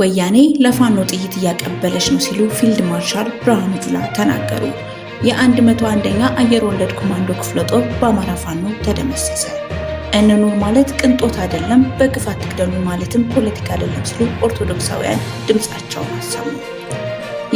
ወያኔ ለፋኖ ጥይት እያቀበለች ነው ሲሉ ፊልድ ማርሻል ብርሃኑ ጁላ ተናገሩ። የአንድ መቶ አንደኛ አየር ወለድ ኮማንዶ ክፍለ ጦር በአማራ ፋኖ ተደመሰሰ። እንኑር ማለት ቅንጦት አይደለም፣ በግፋት ትግደሉ ማለትም ፖለቲካ አይደለም ሲሉ ኦርቶዶክሳውያን ድምፃቸውን አሰሙ።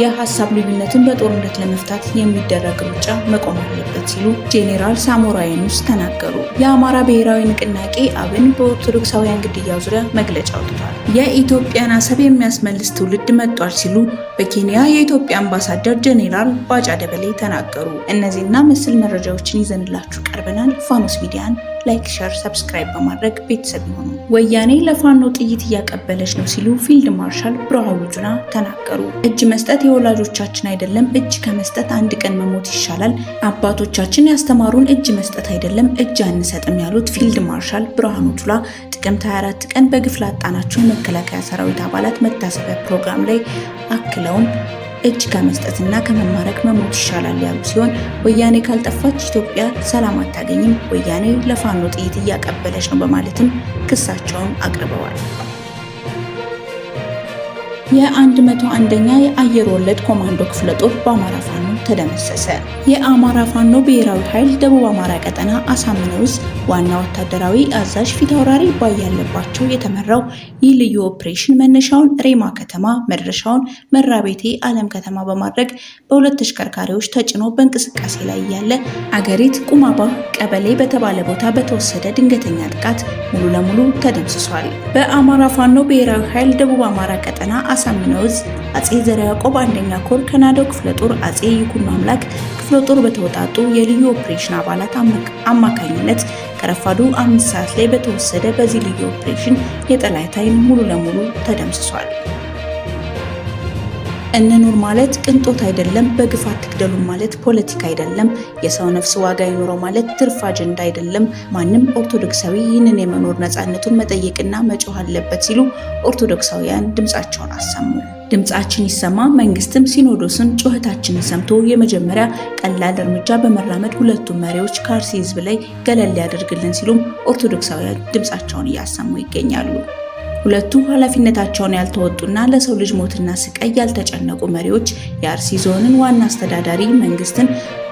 የሀሳብ ልዩነትን በጦርነት ለመፍታት የሚደረግ ሩጫ መቆም አለበት ሲሉ ጄኔራል ሳሞራ የኑስ ተናገሩ። የአማራ ብሔራዊ ንቅናቄ አብን በኦርቶዶክሳውያን ግድያ ዙሪያ መግለጫ አውጥቷል። የኢትዮጵያን አሰብ የሚያስመልስ ትውልድ መጥቷል ሲሉ በኬንያ የኢትዮጵያ አምባሳደር ጄኔራል ባጫ ደበሌ ተናገሩ። እነዚህና መሰል መረጃዎችን ይዘንላችሁ ቀርበናል። ፋኖስ ሚዲያን ላይክ፣ ሸር፣ ሰብስክራይብ በማድረግ ቤተሰብ ይሆኑ። ወያኔ ለፋኖ ጥይት እያቀበለች ነው ሲሉ ፊልድ ማርሻል ብርሃኑ ጁላ ተናገሩ። እጅ መስጠት የወላጆቻችን አይደለም፣ እጅ ከመስጠት አንድ ቀን መሞት ይሻላል። አባቶቻችን ያስተማሩን እጅ መስጠት አይደለም፣ እጅ አንሰጥም ያሉት ፊልድ ማርሻል ብርሃኑ ጁላ ጥቅምት 24 ቀን በግፍ ላጣናቸው የመከላከያ ሰራዊት አባላት መታሰቢያ ፕሮግራም ላይ አክለውም እጅ ከመስጠትና ከመማረክ መሞት ይሻላል ያሉ ሲሆን ወያኔ ካልጠፋች ኢትዮጵያ ሰላም አታገኝም፣ ወያኔ ለፋኖ ጥይት እያቀበለች ነው በማለትም ክሳቸውን አቅርበዋል። የ101ኛ የአየር ወለድ ኮማንዶ ክፍለ ጦር በአማራ ፋኖ ተደመሰሰ። የአማራ ፋኖ ብሔራዊ ኃይል ደቡብ አማራ ቀጠና አሳምነው ዕዝ ዋና ወታደራዊ አዛዥ ፊታውራሪ ባያለባቸው የተመራው ይህ ልዩ ኦፕሬሽን መነሻውን ሬማ ከተማ መድረሻውን መራቤቴ ዓለም ከተማ በማድረግ በሁለት ተሽከርካሪዎች ተጭኖ በእንቅስቃሴ ላይ እያለ አገሪት ቁማባ ቀበሌ በተባለ ቦታ በተወሰደ ድንገተኛ ጥቃት ሙሉ ለሙሉ ተደምስሷል። በአማራ ፋኖ ብሔራዊ ኃይል ደቡብ አማራ ቀጠና አሳምነውዝ አጼ ዘርዓ ያዕቆብ አንደኛ ኮር ከናደው ክፍለ ጦር አጼ ይኩኖ አምላክ ክፍለ ጦር በተወጣጡ የልዩ ኦፕሬሽን አባላት አማካኝነት ከረፋዱ አምስት ሰዓት ላይ በተወሰደ በዚህ ልዩ ኦፕሬሽን የጠላት ኃይል ሙሉ ለሙሉ ተደምስሷል። እንኑር ማለት ቅንጦት አይደለም። በግፍ አትግደሉን ማለት ፖለቲካ አይደለም። የሰው ነፍስ ዋጋ ይኑረው ማለት ትርፍ አጀንዳ አይደለም። ማንም ኦርቶዶክሳዊ ይህንን የመኖር ነፃነቱን መጠየቅና መጮህ አለበት ሲሉ ኦርቶዶክሳውያን ድምፃቸውን አሰሙ። ድምፃችን ይሰማ። መንግስትም ሲኖዶስን ጩኸታችንን ሰምቶ የመጀመሪያ ቀላል እርምጃ በመራመድ ሁለቱም መሪዎች ከአርሲ ህዝብ ላይ ገለል ያደርግልን ሲሉም ኦርቶዶክሳውያን ድምፃቸውን እያሰሙ ይገኛሉ። ሁለቱ ኃላፊነታቸውን ያልተወጡና ለሰው ልጅ ሞትና ስቃይ ያልተጨነቁ መሪዎች የአርሲ ዞንን ዋና አስተዳዳሪ መንግስትን፣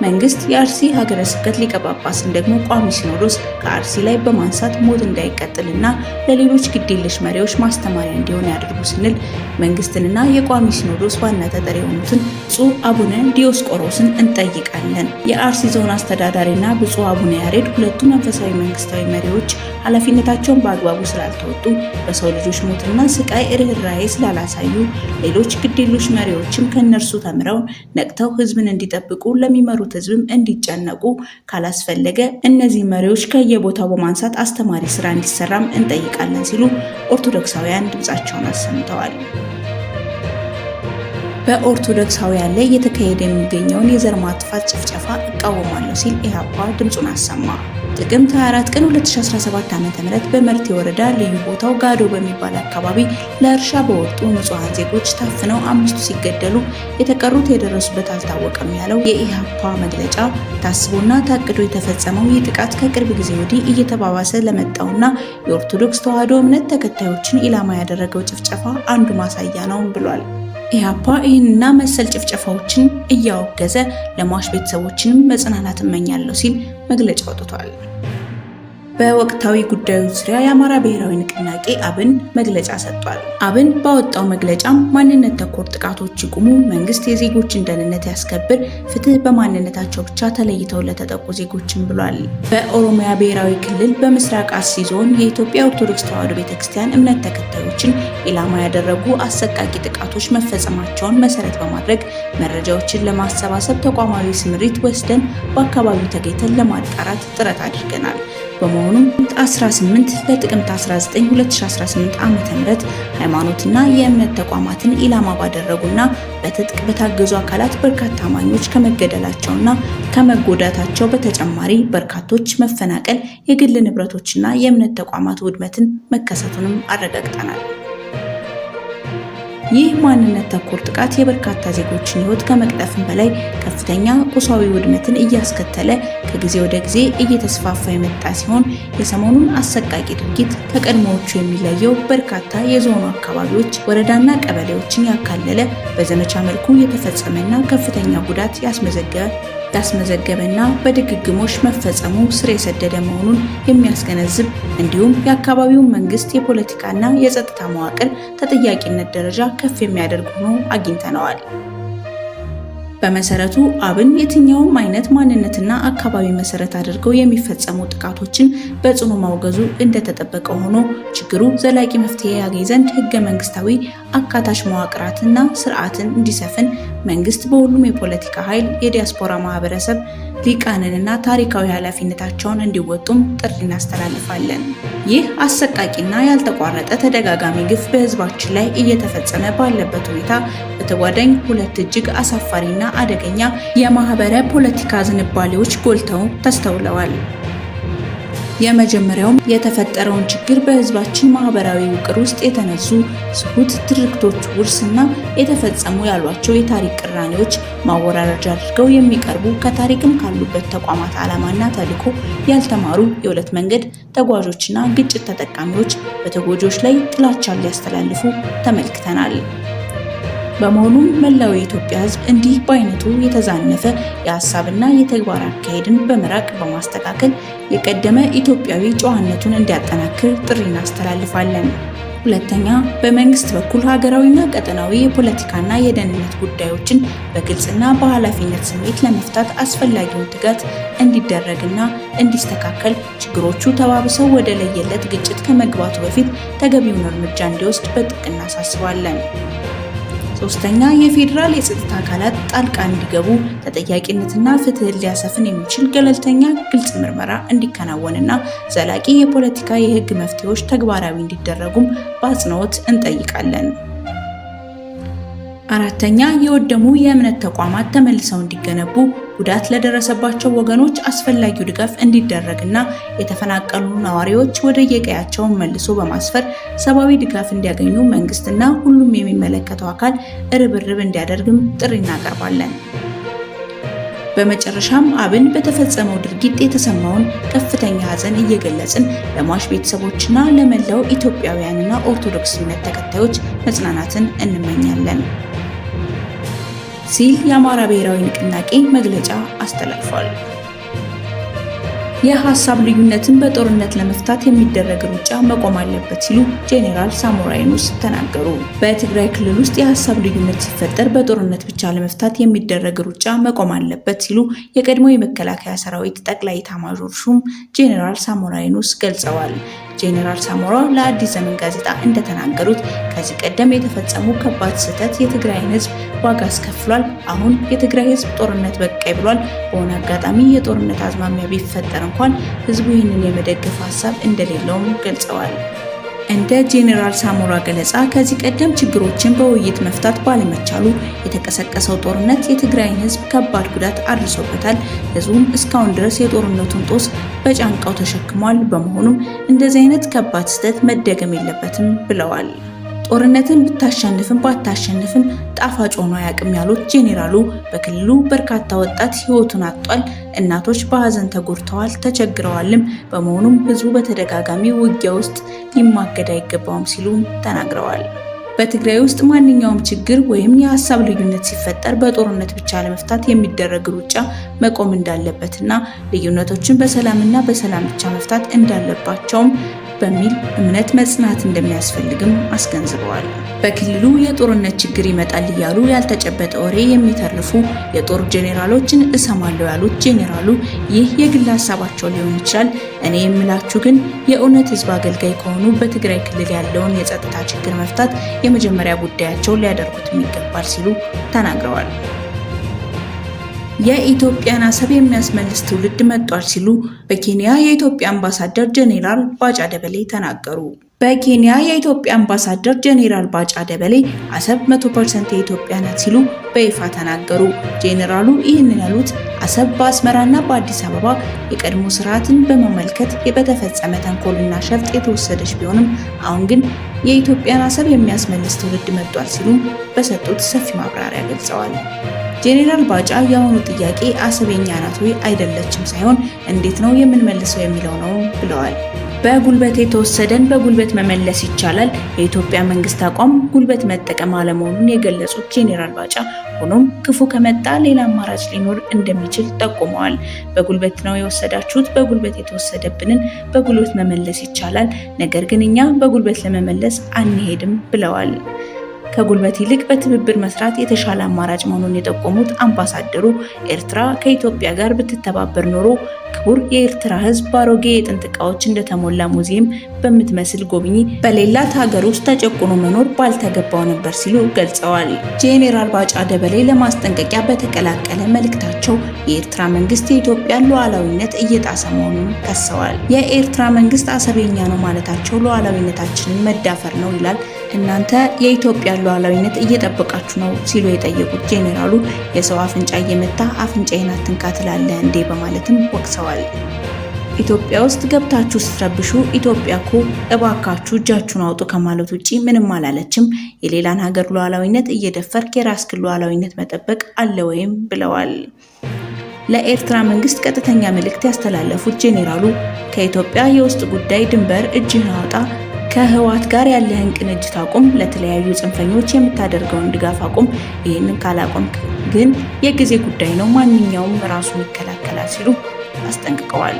መንግስት የአርሲ ሀገረ ስብከት ሊቀ ጳጳስን ደግሞ ቋሚ ሲኖዶስ ከአርሲ ላይ በማንሳት ሞት እንዳይቀጥልና ለሌሎች ግዴለሽ መሪዎች ማስተማሪያ እንዲሆን ያደርጉ ስንል መንግስትንና የቋሚ ሲኖዶስ ዋና ተጠሪ የሆኑትን ብፁዕ አቡነ ዲዮስቆሮስን እንጠይቃለን። የአርሲ ዞን አስተዳዳሪና ብፁዕ አቡነ ያሬድ ሁለቱ መንፈሳዊ መንግስታዊ መሪዎች ኃላፊነታቸውን በአግባቡ ስላልተወጡ፣ በሰው ልጆች ሞትና ስቃይ ርኅራኄ ስላላሳዩ፣ ሌሎች ግዴሎች መሪዎችም ከእነርሱ ተምረው ነቅተው ህዝብን እንዲጠብቁ ለሚመሩት ህዝብም እንዲጨነቁ ካላስፈለገ እነዚህ መሪዎች ከየቦታው በማንሳት አስተማሪ ስራ እንዲሰራም እንጠይቃለን ሲሉ ኦርቶዶክሳውያን ድምፃቸውን አሰምተዋል። በኦርቶዶክሳውያን ላይ እየተካሄደ የሚገኘውን የዘር ማጥፋት ጭፍጨፋ እቃወማለሁ ሲል ኢህአፓ ድምፁን አሰማ። ጥቅምት 24 ቀን 2017 ዓ.ም በመርቴ ወረዳ ልዩ ቦታው ጋዶ በሚባል አካባቢ ለእርሻ በወጡ ንጹሐን ዜጎች ታፍነው አምስቱ ሲገደሉ የተቀሩት የደረሱበት አልታወቀም ያለው የኢህአፓ መግለጫ ታስቦና ታቅዶ የተፈጸመው ይህ ጥቃት ከቅርብ ጊዜ ወዲህ እየተባባሰ ለመጣውና የኦርቶዶክስ ተዋሕዶ እምነት ተከታዮችን ኢላማ ያደረገው ጭፍጨፋ አንዱ ማሳያ ነው ብሏል። ኢህአፓ ይህንና መሰል ጭፍጨፋዎችን እያወገዘ ለሟች ቤተሰቦችንም መጽናናት እመኛለሁ ሲል መግለጫ አውጥቷል። በወቅታዊ ጉዳዮች ዙሪያ የአማራ ብሔራዊ ንቅናቄ አብን መግለጫ ሰጥቷል። አብን ባወጣው መግለጫም ማንነት ተኮር ጥቃቶች ይቁሙ፣ መንግስት የዜጎችን ደህንነት ያስከብር፣ ፍትህ በማንነታቸው ብቻ ተለይተው ለተጠቁ ዜጎችን ብሏል። በኦሮሚያ ብሔራዊ ክልል በምስራቅ አርሲ ዞን የኢትዮጵያ ኦርቶዶክስ ተዋሕዶ ቤተክርስቲያን እምነት ተከታዮችን ኢላማ ያደረጉ አሰቃቂ ጥቃቶች መፈጸማቸውን መሰረት በማድረግ መረጃዎችን ለማሰባሰብ ተቋማዊ ስምሪት ወስደን በአካባቢው ተገኝተን ለማጣራት ጥረት አድርገናል። በመሆኑም 18 ለጥቅምት 19 2018 ዓ.ም ሃይማኖትና የእምነት ተቋማትን ኢላማ ባደረጉና በትጥቅ በታገዙ አካላት በርካታ አማኞች ከመገደላቸውና ከመጎዳታቸው በተጨማሪ በርካቶች መፈናቀል፣ የግል ንብረቶችና የእምነት ተቋማት ውድመትን መከሰቱንም አረጋግጠናል። ይህ ማንነት ተኮር ጥቃት የበርካታ ዜጎችን ህይወት ከመቅጠፍም በላይ ከፍተኛ ቁሳዊ ውድመትን እያስከተለ ከጊዜ ወደ ጊዜ እየተስፋፋ የመጣ ሲሆን የሰሞኑን አሰቃቂ ድርጊት ከቀድሞዎቹ የሚለየው በርካታ የዞኑ አካባቢዎች ወረዳና ቀበሌዎችን ያካለለ በዘመቻ መልኩ የተፈጸመና ከፍተኛ ጉዳት ያስመዘገበ ያስመዘገበና በድግግሞሽ መፈጸሙ ስር የሰደደ መሆኑን የሚያስገነዝብ እንዲሁም የአካባቢውን መንግስት የፖለቲካና የጸጥታ መዋቅር ተጠያቂነት ደረጃ ከፍ የሚያደርግ ሆኖ አግኝተነዋል። በመሰረቱ አብን የትኛውም አይነት ማንነትና አካባቢ መሰረት አድርገው የሚፈጸሙ ጥቃቶችን በጽኑ ማውገዙ እንደተጠበቀ ሆኖ ችግሩ ዘላቂ መፍትሄ ያገኝ ዘንድ ህገ መንግስታዊ አካታች መዋቅራትና ስርዓትን እንዲሰፍን መንግስት በሁሉም የፖለቲካ ኃይል የዲያስፖራ ማህበረሰብ ሊቃንንና ታሪካዊ ኃላፊነታቸውን እንዲወጡም ጥሪ እናስተላልፋለን። ይህ አሰቃቂና ያልተቋረጠ ተደጋጋሚ ግፍ በህዝባችን ላይ እየተፈጸመ ባለበት ሁኔታ በተጓዳኝ ሁለት እጅግ አሳፋሪና አደገኛ የማህበረ ፖለቲካ ዝንባሌዎች ጎልተው ተስተውለዋል። የመጀመሪያውም የተፈጠረውን ችግር በህዝባችን ማህበራዊ ውቅር ውስጥ የተነሱ ስሁት ትርክቶች ውርስና የተፈጸሙ ያሏቸው የታሪክ ቅራኔዎች ማወራረጃ አድርገው የሚቀርቡ ከታሪክም ካሉበት ተቋማት ዓላማና ተልዕኮ ያልተማሩ የሁለት መንገድ ተጓዦችና ግጭት ተጠቃሚዎች በተጎጂዎች ላይ ጥላቻ ሊያስተላልፉ ተመልክተናል። በመሆኑም መላው የኢትዮጵያ ሕዝብ እንዲህ በአይነቱ የተዛነፈ የሀሳብና የተግባር አካሄድን በመራቅ በማስተካከል የቀደመ ኢትዮጵያዊ ጨዋነቱን እንዲያጠናክር ጥሪ እናስተላልፋለን። ሁለተኛ፣ በመንግስት በኩል ሀገራዊና ቀጠናዊ የፖለቲካና የደህንነት ጉዳዮችን በግልጽና በኃላፊነት ስሜት ለመፍታት አስፈላጊውን ትጋት እንዲደረግና እንዲስተካከል ችግሮቹ ተባብሰው ወደ ለየለት ግጭት ከመግባቱ በፊት ተገቢውን እርምጃ እንዲወስድ በጥብቅ እናሳስባለን። ሶስተኛ የፌዴራል የጸጥታ አካላት ጣልቃ እንዲገቡ ተጠያቂነትና ፍትህን ሊያሰፍን የሚችል ገለልተኛ፣ ግልጽ ምርመራ እንዲከናወንና ዘላቂ የፖለቲካ የህግ መፍትሄዎች ተግባራዊ እንዲደረጉም በአጽንኦት እንጠይቃለን። አራተኛ የወደሙ የእምነት ተቋማት ተመልሰው እንዲገነቡ ጉዳት ለደረሰባቸው ወገኖች አስፈላጊው ድጋፍ እንዲደረግና የተፈናቀሉ ነዋሪዎች ወደ የቀያቸውን መልሶ በማስፈር ሰብአዊ ድጋፍ እንዲያገኙ መንግስትና ሁሉም የሚመለከተው አካል እርብርብ እንዲያደርግም ጥሪ እናቀርባለን። በመጨረሻም አብን በተፈጸመው ድርጊት የተሰማውን ከፍተኛ ሐዘን እየገለጽን ለሟች ቤተሰቦችና ለመላው ኢትዮጵያውያንና ኦርቶዶክስ እምነት ተከታዮች መጽናናትን እንመኛለን። ሲል የአማራ ብሔራዊ ንቅናቄ መግለጫ አስተላልፏል። የሀሳብ ልዩነትን በጦርነት ለመፍታት የሚደረግ ሩጫ መቆም አለበት ሲሉ ጄኔራል ሳሞራ የኑስ ተናገሩ። በትግራይ ክልል ውስጥ የሀሳብ ልዩነት ሲፈጠር በጦርነት ብቻ ለመፍታት የሚደረግ ሩጫ መቆም አለበት ሲሉ የቀድሞ የመከላከያ ሰራዊት ጠቅላይ ኤታማዦር ሹም ጄኔራል ሳሞራ የኑስ ገልጸዋል። ጄኔራል ሳሞራ ለአዲስ ዘመን ጋዜጣ እንደተናገሩት ከዚህ ቀደም የተፈጸሙ ከባድ ስህተት የትግራይን ህዝብ ዋጋ አስከፍሏል። አሁን የትግራይ ህዝብ ጦርነት በቃይ ብሏል። በሆነ አጋጣሚ የጦርነት አዝማሚያ ቢፈጠር እንኳን ህዝቡ ይህንን የመደገፍ ሀሳብ እንደሌለውም ገልጸዋል። እንደ ጄኔራል ሳሞራ ገለጻ ከዚህ ቀደም ችግሮችን በውይይት መፍታት ባለመቻሉ የተቀሰቀሰው ጦርነት የትግራይን ሕዝብ ከባድ ጉዳት አድርሶበታል። ሕዝቡም እስካሁን ድረስ የጦርነቱን ጦስ በጫንቃው ተሸክሟል። በመሆኑም እንደዚህ አይነት ከባድ ስህተት መደገም የለበትም ብለዋል። ጦርነትን ብታሸንፍም ባታሸንፍም ጣፋጭ ሆኖ አያውቅም ያሉት ጄኔራሉ በክልሉ በርካታ ወጣት ህይወቱን አጥቷል። እናቶች በሀዘን ተጎድተዋል፣ ተቸግረዋልም። በመሆኑም ህዝቡ በተደጋጋሚ ውጊያ ውስጥ ሊማገድ አይገባውም ሲሉም ተናግረዋል። በትግራይ ውስጥ ማንኛውም ችግር ወይም የሀሳብ ልዩነት ሲፈጠር በጦርነት ብቻ ለመፍታት የሚደረግ ሩጫ መቆም እንዳለበትና ልዩነቶችን በሰላምና በሰላም ብቻ መፍታት እንዳለባቸውም በሚል እምነት መጽናት እንደሚያስፈልግም አስገንዝበዋል። በክልሉ የጦርነት ችግር ይመጣል እያሉ ያልተጨበጠ ወሬ የሚተርፉ የጦር ጄኔራሎችን እሰማለሁ ያሉት ጄኔራሉ ይህ የግል ሀሳባቸው ሊሆን ይችላል፣ እኔ የምላችሁ ግን የእውነት ህዝብ አገልጋይ ከሆኑ በትግራይ ክልል ያለውን የጸጥታ ችግር መፍታት የመጀመሪያ ጉዳያቸው ሊያደርጉትም ይገባል ሲሉ ተናግረዋል። የኢትዮጵያን አሰብ የሚያስመልስ ትውልድ መጥቷል ሲሉ በኬንያ የኢትዮጵያ አምባሳደር ጄኔራል ባጫ ደበሌ ተናገሩ። በኬንያ የኢትዮጵያ አምባሳደር ጄኔራል ባጫ ደበሌ አሰብ 100% የኢትዮጵያ ናት ሲሉ በይፋ ተናገሩ። ጄኔራሉ ይህንን ያሉት አሰብ በአስመራና በአዲስ አበባ የቀድሞ ስርዓትን በመመልከት በተፈጸመ ተንኮልና ሸፍጥ የተወሰደች ቢሆንም አሁን ግን የኢትዮጵያን አሰብ የሚያስመልስ ትውልድ መጥቷል ሲሉ በሰጡት ሰፊ ማብራሪያ ገልጸዋል። ጄኔራል ባጫ የአሁኑ ጥያቄ አሰቤኛ ናት ወይ አይደለችም ሳይሆን እንዴት ነው የምንመልሰው የሚለው ነው ብለዋል። በጉልበት የተወሰደን በጉልበት መመለስ ይቻላል የኢትዮጵያ መንግስት አቋም ጉልበት መጠቀም አለመሆኑን የገለጹት ጄኔራል ባጫ ሆኖም ክፉ ከመጣ ሌላ አማራጭ ሊኖር እንደሚችል ጠቁመዋል። በጉልበት ነው የወሰዳችሁት፣ በጉልበት የተወሰደብንን በጉልበት መመለስ ይቻላል፣ ነገር ግን እኛ በጉልበት ለመመለስ አንሄድም ብለዋል። ከጉልበት ይልቅ በትብብር መስራት የተሻለ አማራጭ መሆኑን የጠቆሙት አምባሳደሩ ኤርትራ ከኢትዮጵያ ጋር ብትተባበር ኖሮ ክቡር የኤርትራ ህዝብ በአሮጌ የጥንት እቃዎች እንደተሞላ ሙዚየም በምትመስል ጎብኚ በሌላት ሀገር ውስጥ ተጨቁኖ መኖር ባልተገባው ነበር ሲሉ ገልጸዋል። ጄኔራል ባጫ ደበሌ ለማስጠንቀቂያ በተቀላቀለ መልእክታቸው የኤርትራ መንግስት የኢትዮጵያን ሉዓላዊነት እየጣሰ መሆኑን ከሰዋል። የኤርትራ መንግስት አሰበኛ ነው ማለታቸው ሉዓላዊነታችንን መዳፈር ነው ይላል። እናንተ የኢትዮጵያን ሉዓላዊነት እየጠበቃችሁ ነው ሲሉ የጠየቁት ጄኔራሉ የሰው አፍንጫ እየመታ አፍንጫዬን አትንካ ትላለህ እንዴ በማለትም ወቅሰዋል። አብዝተዋል። ኢትዮጵያ ውስጥ ገብታችሁ ስትረብሹ ኢትዮጵያ እኮ እባካችሁ እጃችሁን አውጡ ከማለት ውጭ ምንም አላለችም፣ የሌላን ሀገር ሉዓላዊነት እየደፈርክ የራስህን ሉዓላዊነት መጠበቅ አለ ወይም ብለዋል። ለኤርትራ መንግስት ቀጥተኛ መልእክት ያስተላለፉት ጄኔራሉ ከኢትዮጵያ የውስጥ ጉዳይ ድንበር እጅህን አውጣ፣ ከህወሓት ጋር ያለህን ቅንጅት አቁም፣ ለተለያዩ ጽንፈኞች የምታደርገውን ድጋፍ አቁም። ይህንን ካላቆምክ ግን የጊዜ ጉዳይ ነው፣ ማንኛውም ራሱን ይከላከላል ሲሉ አስጠንቅቀዋል።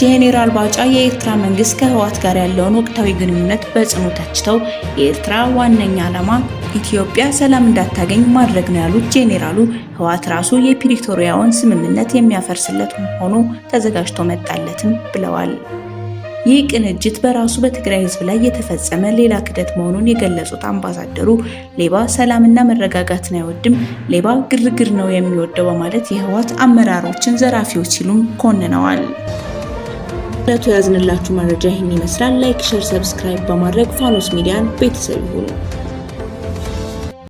ጄኔራል ባጫ የኤርትራ መንግስት ከህወሓት ጋር ያለውን ወቅታዊ ግንኙነት በጽኑ ተችተው የኤርትራ ዋነኛ ዓላማ ኢትዮጵያ ሰላም እንዳታገኝ ማድረግ ነው ያሉት ጄኔራሉ ህወሓት ራሱ የፕሪቶሪያውን ስምምነት የሚያፈርስለት ሆኖ ተዘጋጅቶ መጣለትም ብለዋል። ይህ ቅንጅት በራሱ በትግራይ ህዝብ ላይ የተፈጸመ ሌላ ክደት መሆኑን የገለጹት አምባሳደሩ ሌባ ሰላምና መረጋጋትን አይወድም፣ ሌባ ግርግር ነው የሚወደው በማለት የህወሓት አመራሮችን ዘራፊዎች ሲሉም ኮንነዋል። ለቱ ያዝንላችሁ መረጃ ይህን ይመስላል። ላይክ፣ ሸር፣ ሰብስክራይብ በማድረግ ፋኖስ ሚዲያን ቤተሰብ ይሁኑ።